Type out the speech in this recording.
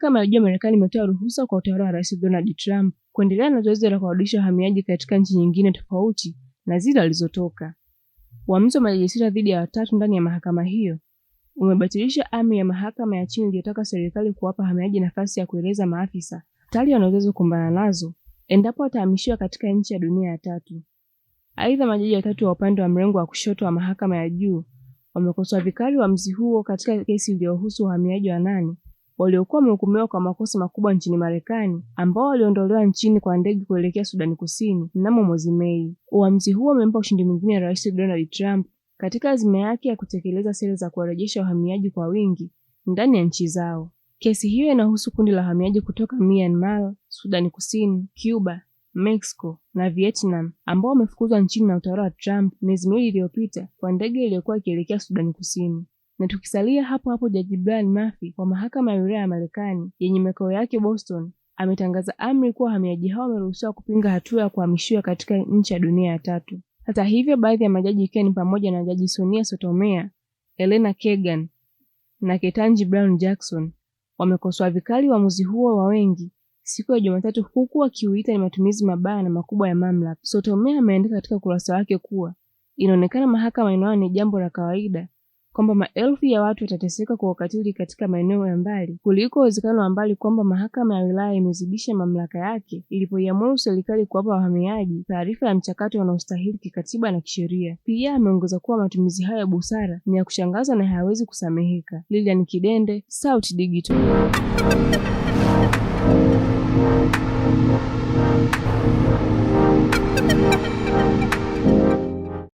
Mahakama ya juu ya Marekani imetoa ruhusa kwa utawala wa Rais Donald Trump kuendelea na zoezi la kuwarudisha wahamiaji katika nchi nyingine tofauti na zile alizotoka. Uamuzi wa majaji sita dhidi ya watatu ndani ya mahakama hiyo umebatilisha amri ya mahakama ya chini iliyotaka serikali kuwapa wahamiaji nafasi ya kueleza maafisa hatari wanaweza kukumbana nazo endapo watahamishiwa katika nchi ya dunia ya tatu. Aidha, majaji watatu wa upande wa mrengo wa kushoto wa mahakama ya juu wamekosoa vikali uamuzi huo katika kesi iliyohusu wahamiaji wanane waliokuwa wamehukumiwa kwa makosa makubwa nchini Marekani ambao waliondolewa nchini kwa ndege kuelekea Sudani Kusini mnamo mwezi Mei. Uamuzi huo umempa ushindi mwingine Rais Donald Trump katika azima yake ya kutekeleza sera za kuwarejesha wahamiaji kwa wingi ndani ya nchi zao. Kesi hiyo inahusu kundi la wahamiaji kutoka Myanmar, Sudani Kusini, Cuba, Mexico na Vietnam ambao wamefukuzwa nchini na utawala wa Trump miezi miwili iliyopita kwa ndege iliyokuwa ikielekea Sudani Kusini. Na tukisalia hapo hapo, Jaji Brian Murphy wa mahakama ya wilaya ya Marekani yenye makao yake Boston ametangaza amri kuwa wahamiaji hao wameruhusiwa kupinga hatua ya kuhamishiwa katika nchi ya dunia ya tatu. Hata hivyo, baadhi ya majaji ikiwa ni pamoja na Jaji Sonia Sotomayor, Elena Kagan na Ketanji Brown Jackson wamekosoa vikali uamuzi huo wa wengi siku ya Jumatatu, huku wakiuita ni matumizi mabaya na makubwa ya mamlaka. Sotomayor ameandika katika ukurasa wake kuwa inaonekana mahakama inaona ni jambo la kawaida kwamba maelfu ya watu watateseka kwa ukatili katika maeneo ya mbali kuliko uwezekano wa mbali kwamba mahakama ya wilaya imezidisha mamlaka yake ilipoiamuru serikali kuwapa wahamiaji taarifa ya mchakato wanaostahili kikatiba na kisheria. Pia ameongeza kuwa matumizi hayo ya busara ni ya kushangaza na hayawezi kusameheka. Lilian Kidende, SAUT Digital.